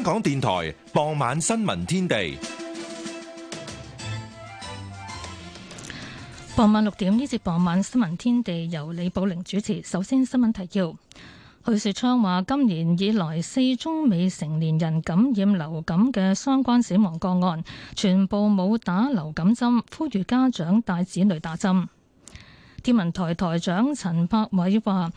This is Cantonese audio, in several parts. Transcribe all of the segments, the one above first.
香港電台傍晚新聞天地。傍晚六點呢節傍晚新聞天地由李寶玲主持。首先新聞提要：許樹昌話，今年以來四宗未成年人感染流感嘅相關死亡個案，全部冇打流感針，呼籲家長帶子女打針。天文台台長陳柏偉話。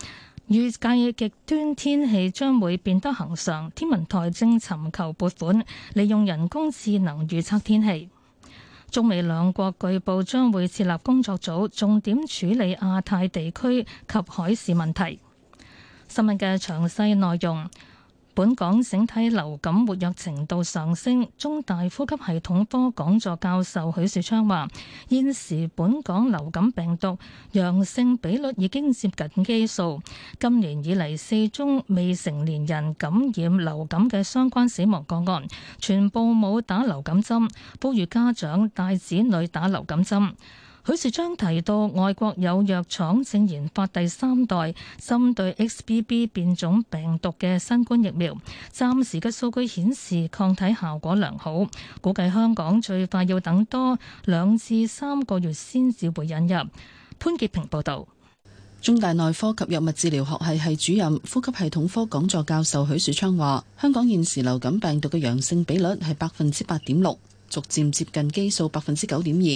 預計極端天氣將會變得恒常，天文台正尋求撥款，利用人工智能預測天氣。中美兩國據報將會設立工作組，重點處理亞太地區及海事問題。新聞嘅詳細內容。本港整體流感活躍程度上升，中大呼吸系統科講座教授許樹昌話：現時本港流感病毒陽性比率已經接近基數。今年以嚟四宗未成年人感染流感嘅相關死亡個案，全部冇打流感針，呼籲家長帶子女打流感針。許樹昌提到，外國有藥廠正研發第三代針對 XBB 變種病毒嘅新冠疫苗，暫時嘅數據顯示抗體效果良好，估計香港最快要等多兩至三個月先至會引入。潘潔平報道，中大內科及藥物治療學系系主任、呼吸系統科講座教授許樹昌話：香港現時流感病毒嘅陽性比率係百分之八點六。逐漸接近基數百分之九點二，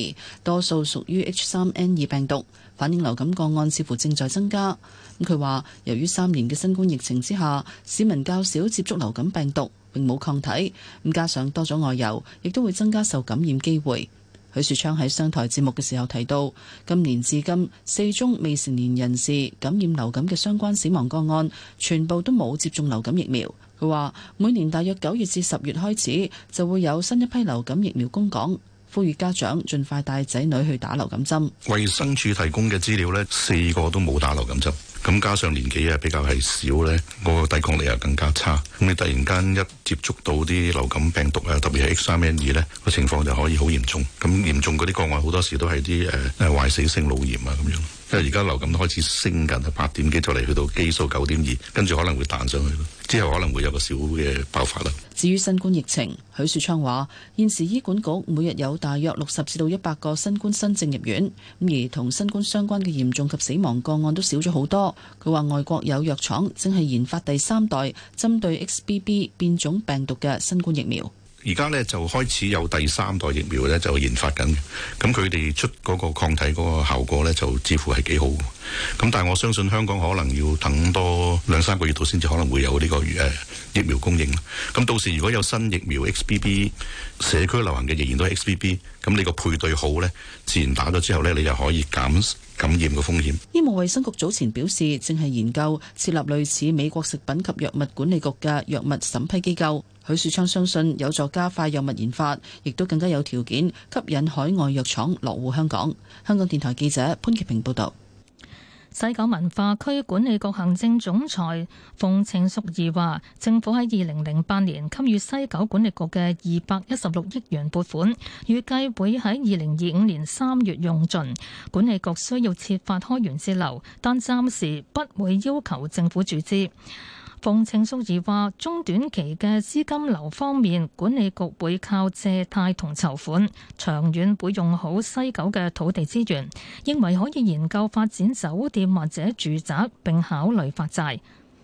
多數屬於 H 三 N 二病毒，反映流感個案似乎正在增加。咁佢話，由於三年嘅新冠疫情之下，市民較少接觸流感病毒，並冇抗體，咁加上多咗外遊，亦都會增加受感染機會。許樹昌喺商台節目嘅時候提到，今年至今四宗未成年人士感染流感嘅相關死亡個案，全部都冇接種流感疫苗。佢話：每年大約九月至十月開始就會有新一批流感疫苗供港，呼籲家長盡快帶仔女去打流感針。衞生署提供嘅資料呢，四個都冇打流感針，咁加上年紀啊比較係少呢，嗰個抵抗力又更加差，咁你突然間一接觸到啲流感病毒啊，特別係 H3N2 呢個情況就可以好嚴重，咁嚴重嗰啲個案好多時都係啲誒誒壞死性腦炎啊咁樣。因為而家流感都開始升緊，八點幾再嚟去到基數九點二，跟住可能會彈上去。之後可能會有個小嘅爆發啦。至於新冠疫情，許樹昌話現時醫管局每日有大約六十至到一百個新冠新症入院，咁而同新冠相關嘅嚴重及死亡個案都少咗好多。佢話外國有藥廠正係研發第三代針對 XBB 變種病毒嘅新冠疫苗。而家咧就開始有第三代疫苗咧，就研發緊。咁佢哋出嗰個抗體嗰個效果咧，就似乎係幾好。咁但係我相信香港可能要等多兩三個月度先至可能會有呢個誒疫苗供應。咁到時如果有新疫苗 XBB，社區流行嘅仍然都係 XBB，咁你個配對好咧，自然打咗之後咧，你又可以減感染嘅風險。醫務衛生局早前表示，正係研究設立類似美國食品及藥物管理局嘅藥物審批機構。許樹昌相信有助加快藥物研發，亦都更加有條件吸引海外藥廠落戶香港。香港電台記者潘潔平報道。西九文化區管理局行政總裁馮程淑儀話：政府喺二零零八年給予西九管理局嘅二百一十六億元撥款，預計會喺二零二五年三月用盡。管理局需要設法開源節流，但暫時不會要求政府注資。馮程淑儀話：中短期嘅資金流方面，管理局會靠借貸同籌款，長遠會用好西九嘅土地資源，認為可以研究發展酒店或者住宅，並考慮發債。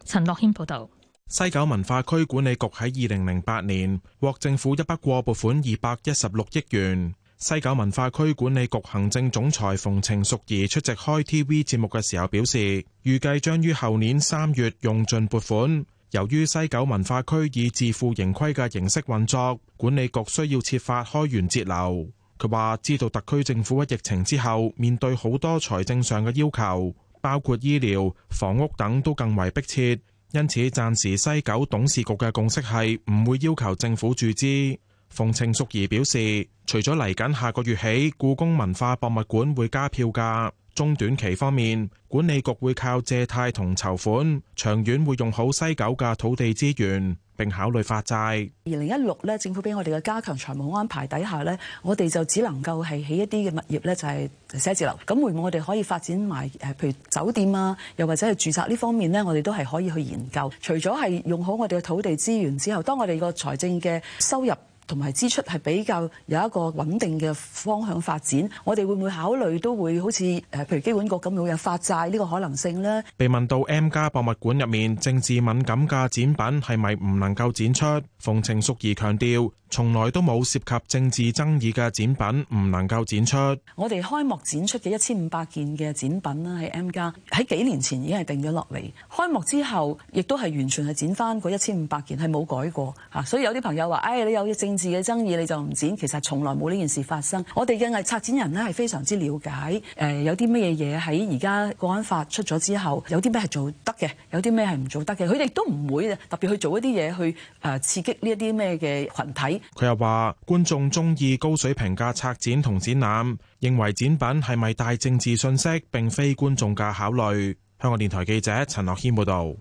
陳樂軒報導，西九文化區管理局喺二零零八年獲政府一筆過撥款二百一十六億元。西九文化區管理局行政總裁馮程淑儀出席開 TV 節目嘅時候表示，預計將於後年三月用盡撥款。由於西九文化區以自負盈虧嘅形式運作，管理局需要設法開源節流。佢話知道特區政府喺疫情之後面對好多財政上嘅要求，包括醫療、房屋等都更為迫切，因此暫時西九董事局嘅共識係唔會要求政府注資。馮程淑儀表示，除咗嚟緊下個月起，故宮文化博物館會加票價。中短期方面，管理局會靠借貸同籌款，長遠會用好西九嘅土地資源，並考慮發債。二零一六呢政府俾我哋嘅加強財務安排底下呢，我哋就只能夠係起一啲嘅物業呢就係寫字樓。咁會唔會我哋可以發展埋誒，譬如酒店啊，又或者係住宅呢方面呢，我哋都係可以去研究。除咗係用好我哋嘅土地資源之後，當我哋個財政嘅收入。同埋支出係比較有一個穩定嘅方向發展，我哋會唔會考慮都會好似誒，譬如基本局咁，會有發債呢個可能性呢？被問到 M+ 博物館入面政治敏感嘅展品係咪唔能夠展出，馮程淑儀強調。從來都冇涉及政治爭議嘅展品唔能夠展出。我哋開幕展出嘅一千五百件嘅展品啦，喺 M+，喺幾年前已經係定咗落嚟。開幕之後，亦都係完全係展翻嗰一千五百件，係冇改過吓。所以有啲朋友話：誒、哎，你有政治嘅爭議你就唔展。」其實從來冇呢件事發生。我哋嘅藝策展人呢，係非常之了解，誒，有啲乜嘢嘢喺而家國安法出咗之後，有啲咩係做得嘅，有啲咩係唔做得嘅，佢哋都唔會特別去做一啲嘢去誒刺激呢一啲咩嘅群體。佢又話：觀眾中意高水平嘅策展同展覽，認為展品係咪帶政治信息並非觀眾嘅考慮。香港電台記者陳樂軒報導。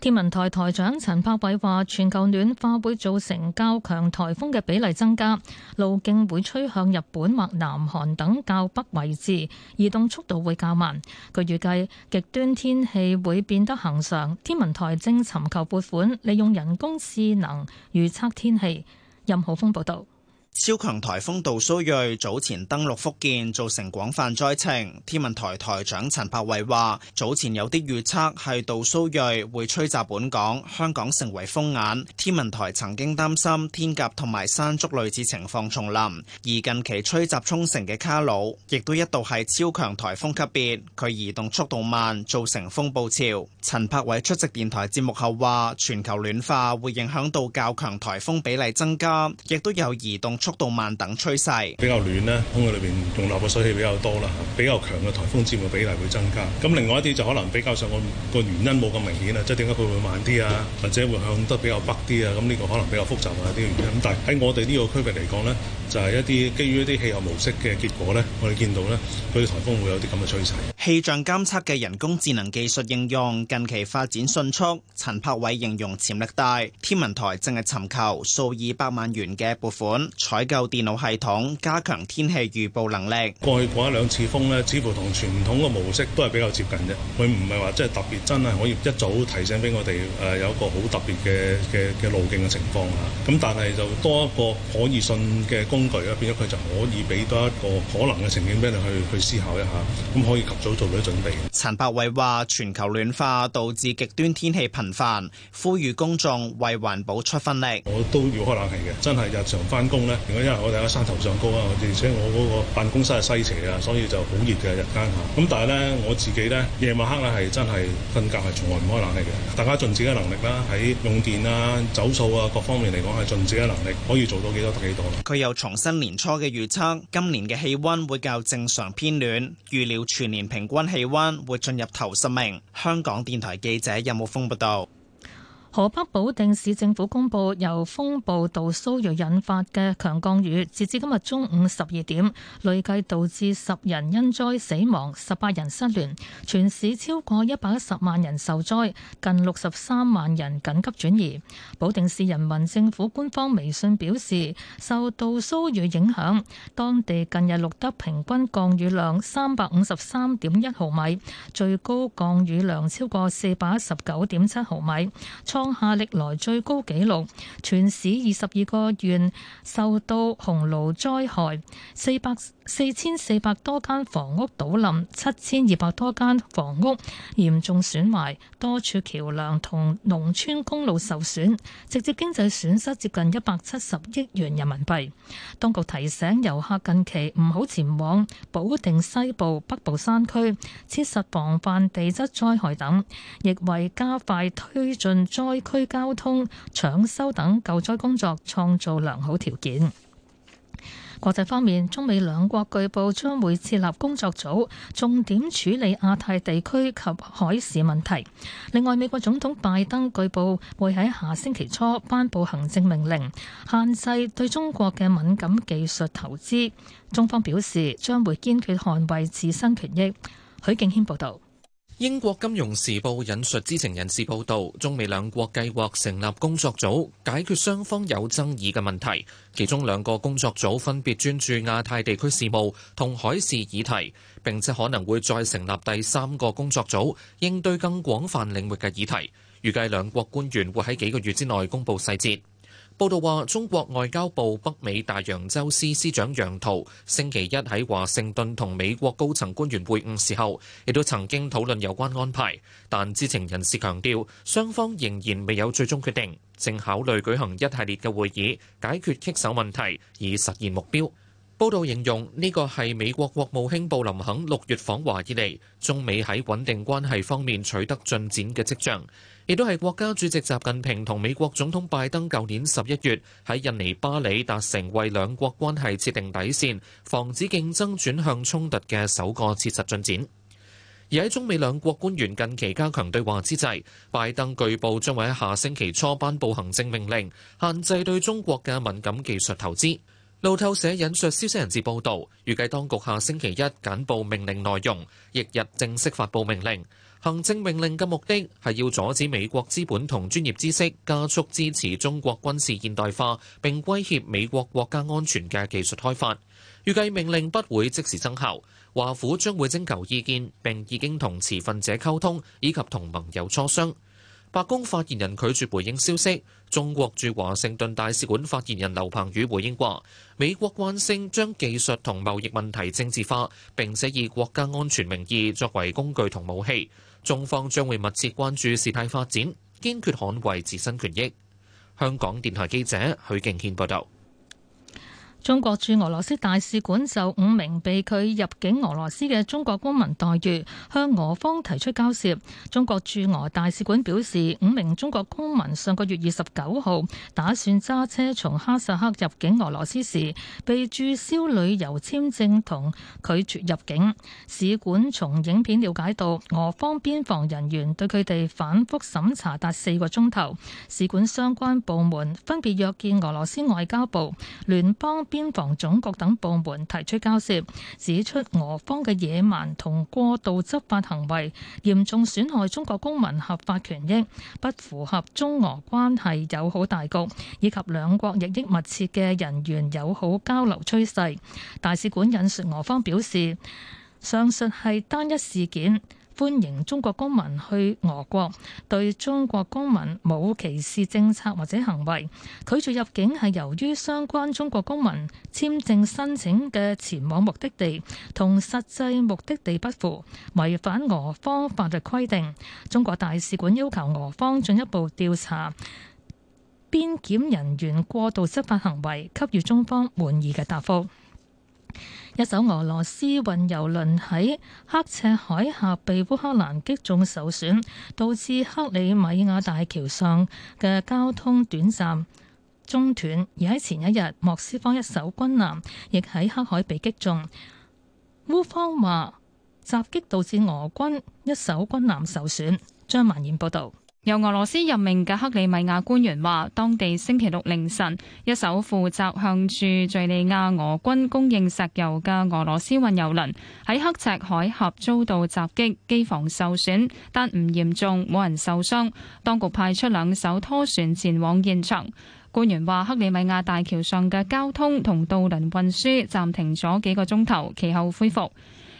天文台台長陳柏偉話：全球暖化會造成較強颱風嘅比例增加，路徑會吹向日本或南韓等較北位置，移動速度會較慢。佢預計極端天氣會變得恒常。天文台正尋求撥款，利用人工智能預測天氣。任浩峰報道。超強颱風杜蘇芮早前登陸福建，造成廣泛災情。天文台台長陳柏偉話：，早前有啲預測係杜蘇芮會吹襲本港，香港成為風眼。天文台曾經擔心天鴿同埋山竹類似情況重臨，而近期吹襲沖繩嘅卡努亦都一度係超強颱風級別。佢移動速度慢，造成風暴潮。陳柏偉出席電台節目後話：，全球暖化會影響到較強颱風比例增加，亦都有移動，速度慢等趨勢比較暖咧，空氣裏邊容納嘅水氣比較多啦，比較強嘅颱風佔嘅比例會增加。咁另外一啲就可能比較上個個原因冇咁明顯啦，即係點解佢會慢啲啊，或者會向得比較北啲啊，咁呢個可能比較複雜啊一啲原因。咁但係喺我哋呢個區域嚟講咧，就係、係、一啲基於一啲氣候模式嘅結果咧，我哋見到咧，佢啲颱風會有啲咁嘅趨勢。氣象監測嘅人工智能技術應用近期發展迅速，陳柏偉形容潛力大。天文台正係尋求數二百萬元嘅撥款，採購電腦系統，加強天氣預報能力。過去過一兩次風咧，似乎同傳統嘅模式都係比較接近啫。佢唔係話即係特別真係可以一早提醒俾我哋誒、呃、有一個好特別嘅嘅嘅路徑嘅情況啊。咁但係就多一個可以信嘅工具啊，變咗佢就可以俾多一個可能嘅情景俾你去去思考一下，咁可以及早。做咗準備。陳柏偉話：全球暖化導致極端天氣頻繁，呼籲公眾為環保出分力。我都要開冷氣嘅，真係日常翻工呢。如果因為我哋喺山頭上高啊，而且我嗰個辦公室係西斜嘅，所以就好熱嘅日間嚇。咁但係呢，我自己呢，夜晚黑咧係真係瞓覺係從來唔開冷氣嘅。大家盡自己嘅能力啦，喺用電啊、走數啊各方面嚟講係盡自己嘅能力，可以做到幾多得幾多。佢又重申年初嘅預測，今年嘅氣温會較正常偏暖，預料全年平。平均氣温會進入頭十名。香港電台記者任浩峰報道。河北保定市政府公布，由風暴杜蘇芮引發嘅強降雨，截至今日中午十二點，累計導致十人因災死亡，十八人失聯，全市超過一百一十萬人受災，近六十三萬人緊急轉移。保定市人民政府官方微信表示，受杜蘇芮影響，當地近日錄得平均降雨量三百五十三點一毫米，最高降雨量超過四百一十九點七毫米。初創下歷來最高紀錄，全市二十二個縣受到洪澇災害，四百。四千四百多間房屋倒冧，七千二百多間房屋嚴重損壞，多處橋梁同農村公路受損，直接經濟損失接近一百七十億元人民幣。當局提醒遊客近期唔好前往保定西部、北部山區，切實防範地質災害等，亦為加快推進災區交通、搶修等救災工作創造良好條件。國際方面，中美兩國據報將會設立工作組，重點處理亞太地區及海事問題。另外，美國總統拜登據報會喺下星期初頒布行政命令，限制對中國嘅敏感技術投資。中方表示將會堅決捍衛自身權益。許敬軒報道。英國金融時報引述知情人士報道，中美兩國計劃成立工作組，解決雙方有爭議嘅問題。其中兩個工作組分別專注亞太地區事務同海事議題，並且可能會再成立第三個工作組，應對更廣泛領域嘅議題。預計兩國官員會喺幾個月之內公布細節。報道話，中國外交部北美大洋洲司司長楊濤星期一喺華盛頓同美國高層官員會晤時候，亦都曾經討論有關安排，但知情人士強調，雙方仍然未有最終決定，正考慮舉行一系列嘅會議，解決棘手問題，以實現目標。報道形容呢、這個係美國國務卿布林肯六月訪華以嚟，中美喺穩定關係方面取得進展嘅跡象。亦都係國家主席習近平同美國總統拜登舊年十一月喺印尼巴里達成為兩國關係設定底線，防止競爭轉向衝突嘅首個切實進展。而喺中美兩國官員近期加強對話之際，拜登據報將會喺下星期初頒布行政命令，限制對中國嘅敏感技術投資。路透社引述消息人士報導，預計當局下星期一簡報命令內容，翌日正式發布命令。行政命令嘅目的係要阻止美國資本同專業知識加速支持中國軍事現代化，並威脅美國國家安全嘅技術開發。預計命令不會即時生效，華府將會徵求意見，並已經同持份者溝通，以及同盟友磋商。白宮發言人拒絕回應消息。中國駐華盛頓大使館發言人劉鵬宇回應話，美國慣性將技術同貿易問題政治化，並且以國家安全名義作為工具同武器。中方將會密切關注事態發展，堅決捍衞自身權益。香港電台記者許敬軒報道。中國駐俄羅斯大使館就五名被拒入境俄羅斯嘅中國公民待遇，向俄方提出交涉。中國駐俄大使館表示，五名中國公民上個月二十九號打算揸車從哈薩克入境俄羅斯時，被註銷旅遊簽證同拒絕入境。使館從影片了解到，俄方邊防人員對佢哋反覆審查達四個鐘頭。使館相關部門分別約見俄羅斯外交部、聯邦邊防總局等部門提出交涉，指出俄方嘅野蠻同過度執法行為嚴重損害中國公民合法權益，不符合中俄關係友好大局以及兩國日益密切嘅人員友好交流趨勢。大使館引述俄方表示，上述係單一事件。歡迎中國公民去俄國，對中國公民冇歧視政策或者行為。拒絕入境係由於相關中國公民簽證申請嘅前往目的地同實際目的地不符，違反俄方法律規定。中國大使館要求俄方進一步調查邊檢人員過度執法行為，給予中方滿意嘅答覆。一艘俄羅斯運油輪喺刻赤海峽被烏克蘭擊中受損，導致克里米亞大橋上嘅交通短暫中斷。而喺前一日，莫斯科一艘軍艦亦喺黑海被擊中。烏方話襲擊導致俄軍一艘軍艦受損。張曼燕報導。由俄羅斯任命嘅克里米亞官員話，當地星期六凌晨，一艘負責向駐敍利亞俄軍供應石油嘅俄羅斯運油輪喺刻赤海峽遭到襲擊，機房受損，但唔嚴重，冇人受傷。當局派出兩艘拖船前往現場。官員話，克里米亞大橋上嘅交通同渡輪運輸暫停咗幾個鐘頭，其後恢復。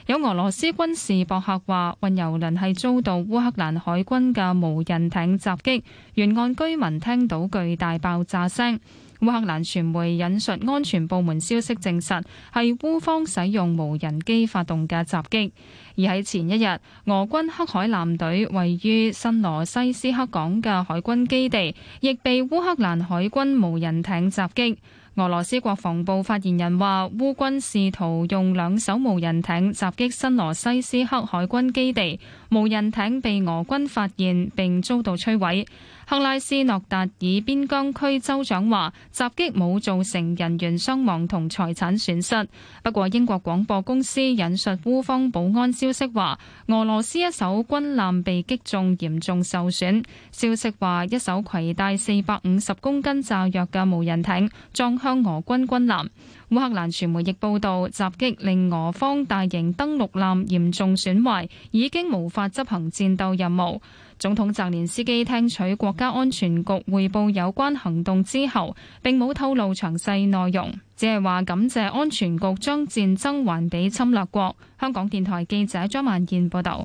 有俄羅斯軍事博客話，運油輪係遭到烏克蘭海軍嘅無人艇襲擊，沿岸居民聽到巨大爆炸聲。烏克蘭傳媒引述安全部門消息證實，係烏方使用無人機發動嘅襲擊。而喺前一日，俄軍黑海艦隊位於新羅西斯克港嘅海軍基地，亦被烏克蘭海軍無人艇襲擊。俄羅斯國防部發言人話：烏軍試圖用兩艘無人艇襲擊新羅西斯克海軍基地。無人艇被俄軍發現並遭到摧毀。克拉斯諾達爾邊疆區州長話，襲擊冇造成人員傷亡同財產損失。不過，英國廣播公司引述烏方保安消息話，俄羅斯一艘軍艦被擊中，嚴重受損。消息話，一艘攜帶四百五十公斤炸藥嘅無人艇撞向俄軍軍艦。烏克蘭傳媒亦報道，襲擊令俄方大型登陸艦嚴重損壞，已經無法執行戰鬥任務。總統澤連斯基聽取國家安全局匯報有關行動之後，並冇透露詳細內容，只係話感謝安全局將戰爭還俾侵略國。香港電台記者張萬健報道。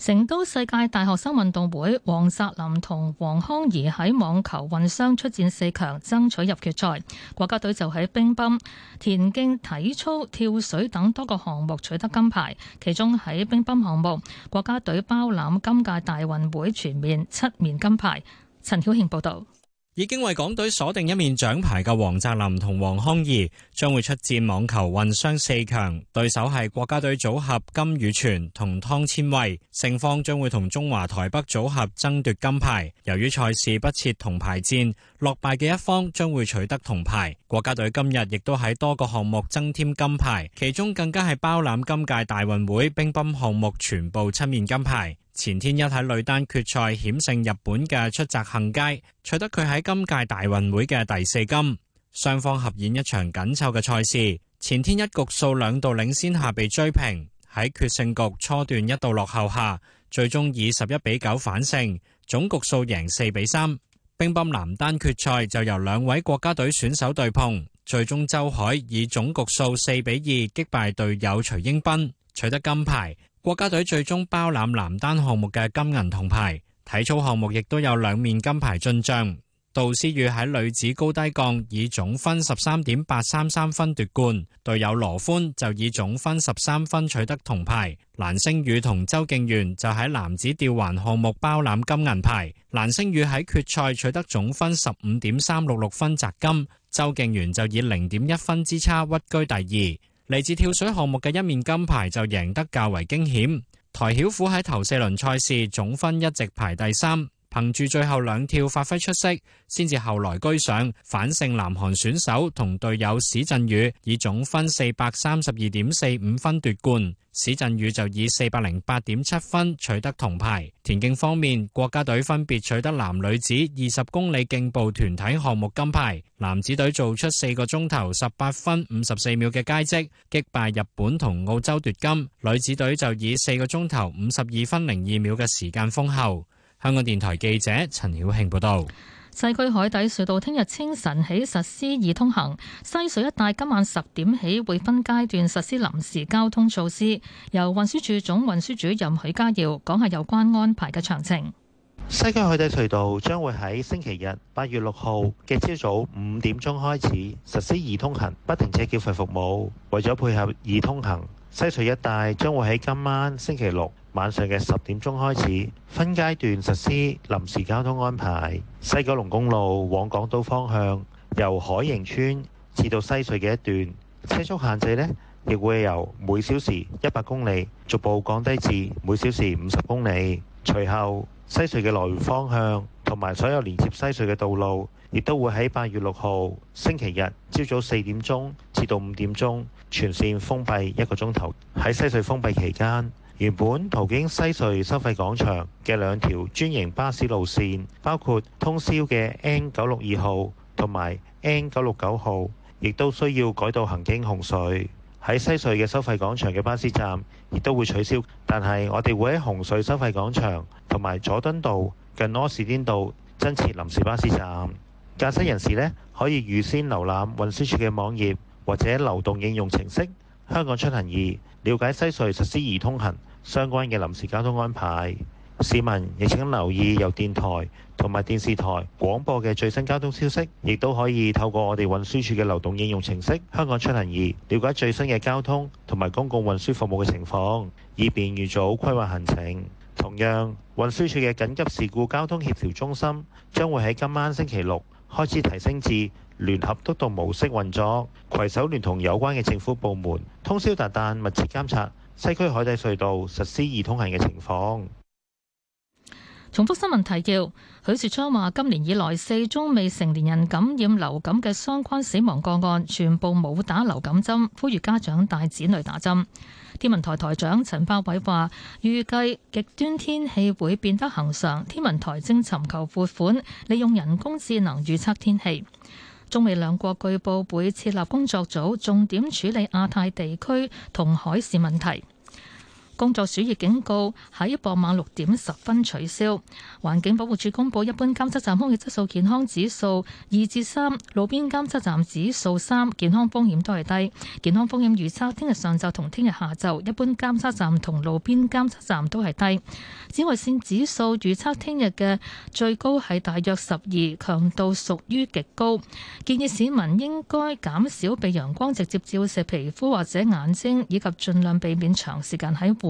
成都世界大學生運動會，王澤林同黃康怡喺網球混雙出戰四強，爭取入決賽。國家隊就喺乒乓、田徑、體操、跳水等多個項目取得金牌，其中喺乒乓項目，國家隊包攬今屆大運會全面七面金牌。陳曉慶報道。已經為港隊鎖定一面獎牌嘅王澤林同黃康儀將會出戰網球混雙四強，對手係國家隊組合金雨泉同湯千惠，勝方將會同中華台北組合爭奪金牌。由於賽事不設銅牌戰，落敗嘅一方將會取得銅牌。國家隊今日亦都喺多個項目增添金牌，其中更加係包攬今屆大運會乒乓項目全部七面金牌。前天一喺女單決賽險勝日本嘅出澤杏佳，取得佢喺今屆大運會嘅第四金。雙方合演一場緊湊嘅賽事，前天一局數兩度領先下被追平，喺決勝局初段一度落後下，最終以十一比九反勝，總局數贏四比三。乒乓男單決賽就由兩位國家隊選手對碰，最終周海以總局數四比二擊敗隊友徐英斌，取得金牌。國家隊最終包攬男單項目嘅金銀銅牌，體操項目亦都有兩面金牌進賬。杜思宇喺女子高低槓以總分十三點八三三分奪冠，隊友羅歡就以總分十三分取得銅牌。蘭星宇同周敬源就喺男子吊環項目包攬金銀牌，蘭星宇喺決賽取得總分十五點三六六分摘金，周敬源就以零點一分之差屈居第二。來自跳水項目嘅一面金牌就贏得較為驚險。台曉虎喺頭四輪賽事總分一直排第三。憑住最後兩跳發揮出色，先至後來居上，反勝南韓選手同隊友史振宇，以總分四百三十二點四五分奪冠。史振宇就以四百零八點七分取得銅牌。田徑方面，國家隊分別取得男女子二十公里競步團體項目金牌，男子隊做出四個鐘頭十八分五十四秒嘅佳績，擊敗日本同澳洲奪金；女子隊就以四個鐘頭五十二分零二秒嘅時間封后。香港電台記者陳曉慶報道，西區海底隧道聽日清晨起實施易通行，西隧一帶今晚十點起會分階段實施臨時交通措施。由運輸署總運輸主任許家耀講下有關安排嘅詳情。西區海底隧道將會喺星期日八月六號嘅朝早五點鐘開始實施易通行，不停車繳費服務，為咗配合易通行。西隧一帶將會喺今晚星期六晚上嘅十點鐘開始分階段實施臨時交通安排。西九龍公路往港島方向由海盈邨至到西隧嘅一段，車速限制呢亦會由每小時一百公里逐步降低至每小時五十公里。隨後西隧嘅來源方向同埋所有連接西隧嘅道路，亦都會喺八月六號星期日朝早四點鐘至到五點鐘全線封閉一個鐘頭。喺西隧封閉期間，原本途經西隧收費廣場嘅兩條專營巴士路線，包括通宵嘅 N 九六二號同埋 N 九六九號，亦都需要改道行經紅隧。喺西隧嘅收費廣場嘅巴士站亦都會取消，但係我哋會喺紅隧收費廣場同埋佐敦道近柯士甸道增設臨時巴士站。駕駛人士呢，可以預先瀏覽運輸署嘅網頁或者流動應用程式《香港出行易》，了解西隧實施易通行相關嘅臨時交通安排。市民亦請留意由電台同埋電視台廣播嘅最新交通消息，亦都可以透過我哋運輸署嘅流動應用程式《香港出行易》了解最新嘅交通同埋公共運輸服務嘅情況，以便預早規劃行程。同樣，運輸署嘅緊急事故交通協調中心將會喺今晚星期六開始提升至聯合督導模式運作，攜手聯同有關嘅政府部門通宵達旦密切監察西區海底隧道實施易通行嘅情況。重複新聞提要，許樹昌話：今年以來四宗未成年人感染流感嘅相關死亡個案，全部冇打流感針，呼籲家長帶子女打針。天文台台長陳栢緯話：預計極端天氣會變得恒常，天文台正尋求撥款，利用人工智能預測天氣。中美兩國據報會設立工作組，重點處理亞太地區同海事問題。工作暑熱警告喺傍晚六點十分取消。環境保護署公布一般監測站空氣質素健康指數二至三，路邊監測站指數三，健康風險都係低。健康風險預測，聽日上晝同聽日下晝，一般監測站同路邊監測站都係低。紫外線指數預測，聽日嘅最高係大約十二，強度屬於極高，建議市民應該減少被陽光直接照射皮膚或者眼睛，以及盡量避免長時間喺戶。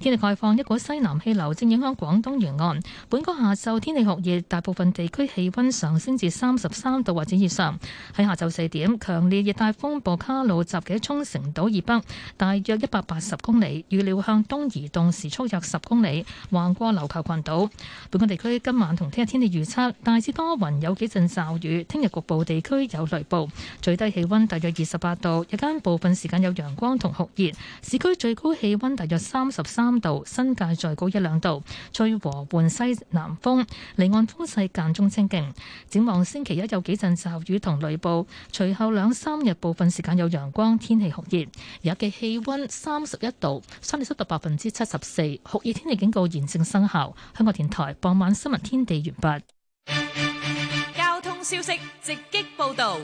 天氣概況，一股西南氣流正影響廣東沿岸。本港下晝天氣酷熱，大部分地區氣溫上升至三十三度或者以上。喺下晝四點，強烈熱帶風暴卡努集結沖繩島以北，大約一百八十公里，預料向東移動，時速約十公里，橫過琉球群島。本港地區今晚同聽日天氣預測大致多雲，有幾陣驟雨。聽日局部地區有雷暴，最低氣溫大約二十八度，日間部分時間有陽光同酷熱。市區最高氣溫大約三十三。三度，新界再高一兩度，吹和緩西南風，離岸風勢間中清勁。展望星期一有幾陣驟雨同雷暴，隨後兩三日部分時間有陽光，天氣酷熱，而家嘅氣温三十一度，相對濕度百分之七十四，酷熱天氣警告現正生效。香港電台傍晚新聞天地完畢。交通消息直擊報道。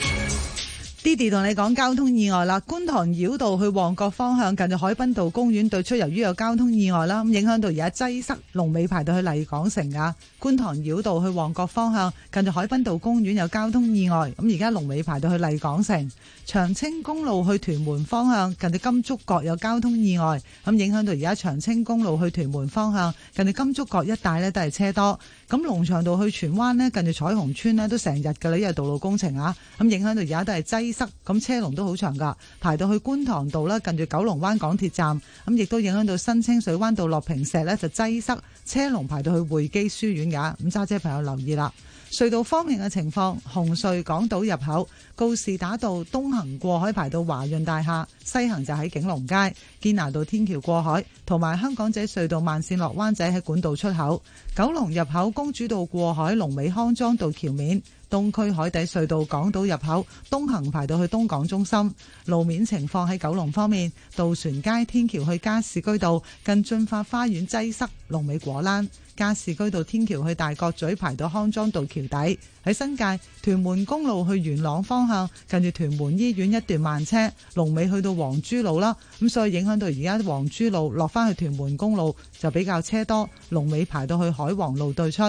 Didi 同你講交通意外啦，觀塘繞道去旺角方向近住海濱道公園對出，由於有交通意外啦，咁影響到而家擠塞，龍尾排到去麗港城啊。觀塘繞道去旺角方向近住海濱道公園有交通意外，咁而家龍尾排到去麗港城。長青公路去屯門方向近住金竹角有交通意外，咁影響到而家長青公路去屯門方向近住金竹角一帶咧都係車多。咁龍翔道去荃灣呢，近住彩虹村呢都成日噶啦，因為道路工程啊，咁影響到而家都係擠塞，咁車龍都好長噶，排到去觀塘道啦，近住九龍灣港鐵站，咁亦都影響到新清水灣道落坪石呢，就擠塞，車龍排到去匯基書院噶，咁揸車，車朋友留意啦。隧道方面嘅情況，紅隧港島入口告士打道東行過海排到華潤大廈，西行就喺景隆街堅拿道天橋過海，同埋香港仔隧道慢線落灣仔喺管道出口，九龍入口公主道過海龍尾康莊道橋面。東區海底隧道港島入口東行排到去東港中心，路面情況喺九龍方面，渡船街天橋去加士居道近駿發花園擠塞，龍尾果欄；加士居道天橋去大角咀排到康莊道橋底。喺新界屯門公路去元朗方向，近住屯門醫院一段慢車，龍尾去到黃珠路啦，咁所以影響到而家黃珠路落翻去屯門公路就比較車多，龍尾排到去海皇路對出。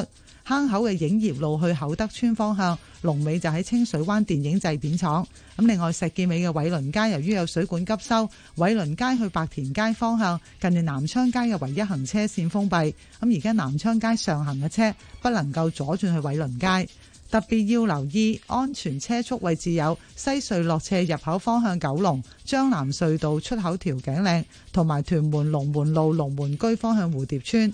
坑口嘅影業路去厚德村方向，龍尾就喺清水灣電影製片廠。咁另外石硖尾嘅偉倫街，由於有水管急修偉倫街去白田街方向，近住南昌街嘅唯一行車線封閉。咁而家南昌街上行嘅車不能夠左轉去偉倫街。特別要留意安全車速位置有西隧落斜入口方向九龍張南隧道出口調景嶺，同埋屯門龍門路龍門居方向蝴蝶村。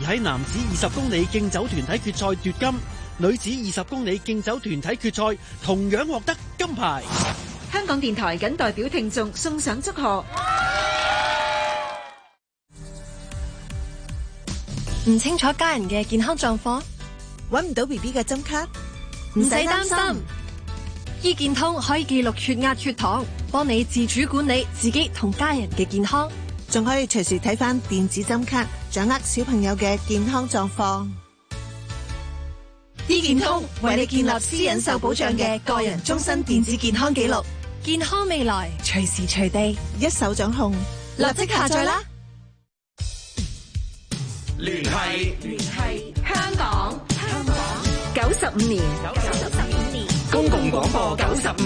而喺男子二十公里競走團體決賽奪金，女子二十公里競走團體決賽同樣獲得金牌。香港電台謹代表聽眾送上祝賀。唔 清楚家人嘅健康狀況，揾唔到 BB 嘅針卡，唔使擔心。 醫健通可以記錄血壓、血糖，幫你自主管理自己同家人嘅健康，仲可以隨時睇返電子針卡。掌握小朋友嘅健康狀況，醫健通為你建立私隱受保障嘅個人終身電子健康記錄，健康未來隨時隨地一手掌控，立即下載啦！聯繫聯繫，聯繫香港香港九十五年九九十五年，年，年公共廣播九十五，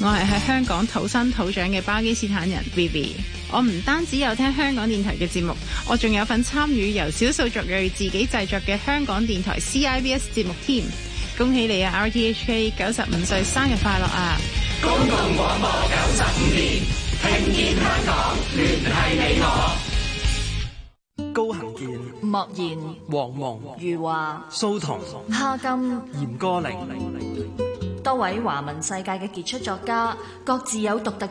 我係喺香港土生土長嘅巴基斯坦人 Vivi。我唔單止有聽香港電台嘅節目，我仲有份參與由少數族裔自己製作嘅香港電台 CIBS 節目添。恭喜你啊，RTHK 九十五歲生日快樂啊！公共廣播九十五年，聽見香港，聯繫你我。高行健、莫言、王蒙、余華話、蘇童、哈金、嚴歌苓，多位華文世界嘅傑出作家，各自有獨特。